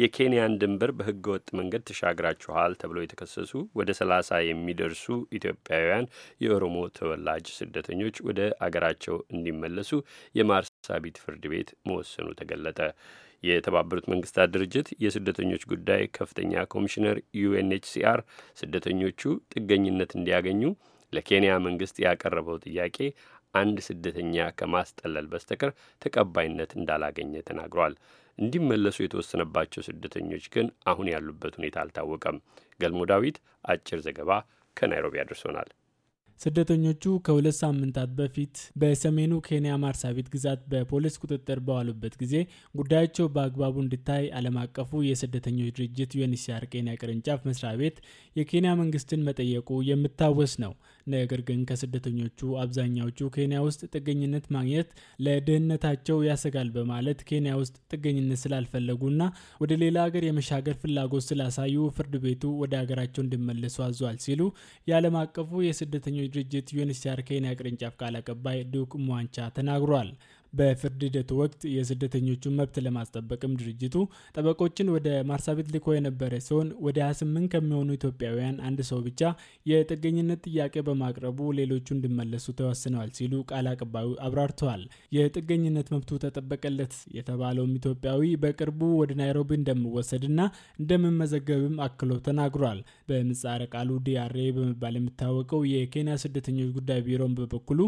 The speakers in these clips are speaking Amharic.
የኬንያን ድንበር በህገ ወጥ መንገድ ተሻግራችኋል ተብለው የተከሰሱ ወደ ሰላሳ የሚደርሱ ኢትዮጵያውያን የኦሮሞ ተወላጅ ስደተኞች ወደ አገራቸው እንዲመለሱ የማርሳቢት ፍርድ ቤት መወሰኑ ተገለጠ። የተባበሩት መንግስታት ድርጅት የስደተኞች ጉዳይ ከፍተኛ ኮሚሽነር ዩኤንኤችሲአር ስደተኞቹ ጥገኝነት እንዲያገኙ ለኬንያ መንግስት ያቀረበው ጥያቄ አንድ ስደተኛ ከማስጠለል በስተቀር ተቀባይነት እንዳላገኘ ተናግሯል። እንዲመለሱ የተወሰነባቸው ስደተኞች ግን አሁን ያሉበት ሁኔታ አልታወቀም። ገልሞ ዳዊት አጭር ዘገባ ከናይሮቢ አድርሶናል። ስደተኞቹ ከሁለት ሳምንታት በፊት በሰሜኑ ኬንያ ማርሳቢት ግዛት በፖሊስ ቁጥጥር በዋሉበት ጊዜ ጉዳያቸው በአግባቡ እንዲታይ ዓለም አቀፉ የስደተኞች ድርጅት ዩኤንኤችሲአር ኬንያ ቅርንጫፍ መስሪያ ቤት የኬንያ መንግስትን መጠየቁ የሚታወስ ነው። ነገር ግን ከስደተኞቹ አብዛኛዎቹ ኬንያ ውስጥ ጥገኝነት ማግኘት ለድህነታቸው ያሰጋል በማለት ኬንያ ውስጥ ጥገኝነት ስላልፈለጉና ወደ ሌላ ሀገር የመሻገር ፍላጎት ስላሳዩ ፍርድ ቤቱ ወደ ሀገራቸው እንዲመለሱ አዟል ሲሉ የዓለም አቀፉ የስደተኞች ድርጅት ዩኤንኤችሲአር ኬንያ ቅርንጫፍ ቃል አቀባይ ዱክ ሟንቻ ተናግሯል። በፍርድ ሂደቱ ወቅት የስደተኞቹን መብት ለማስጠበቅም ድርጅቱ ጠበቆችን ወደ ማርሳቤት ልኮ የነበረ ሲሆን ወደ 28 ከሚሆኑ ኢትዮጵያውያን አንድ ሰው ብቻ የጥገኝነት ጥያቄ በማቅረቡ ሌሎቹ እንዲመለሱ ተወስነዋል ሲሉ ቃል አቀባዩ አብራርተዋል። የጥገኝነት መብቱ ተጠበቀለት የተባለውም ኢትዮጵያዊ በቅርቡ ወደ ናይሮቢ እንደሚወሰድና እንደምመዘገብም አክሎ ተናግሯል። በምጻረ ቃሉ ዲያርኤ በመባል የሚታወቀው የኬንያ ስደተኞች ጉዳይ ቢሮን በበኩሉ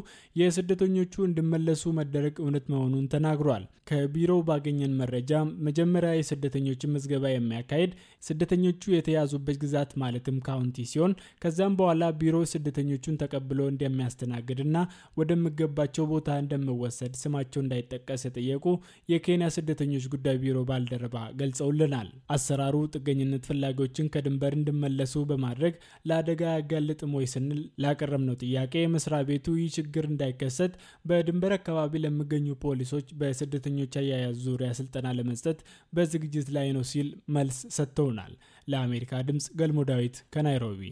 የስደተኞቹ እንዲመለሱ መደረግ እውነት መሆኑን ተናግሯል። ከቢሮው ባገኘን መረጃ መጀመሪያ የስደተኞችን ምዝገባ የሚያካሄድ ስደተኞቹ የተያዙበት ግዛት ማለትም ካውንቲ ሲሆን ከዛም በኋላ ቢሮ ስደተኞቹን ተቀብሎ እንደሚያስተናግድና ወደሚገባቸው ቦታ እንደሚወሰድ ስማቸው እንዳይጠቀስ የጠየቁ የኬንያ ስደተኞች ጉዳይ ቢሮ ባልደረባ ገልጸውልናል። አሰራሩ ጥገኝነት ፈላጊዎችን ከድንበር እንዲመለሱ በማድረግ ለአደጋ ያጋልጥም ወይ ስንል ላቀረብነው ጥያቄ መስሪያ ቤቱ ይህ ችግር እንዳይከሰት በድንበር አካባቢ ለሚገኙ የሚገኙ ፖሊሶች በስደተኞች አያያዝ ዙሪያ ስልጠና ለመስጠት በዝግጅት ላይ ነው ሲል መልስ ሰጥተውናል። ለአሜሪካ ድምፅ ገልሞ ዳዊት ከናይሮቢ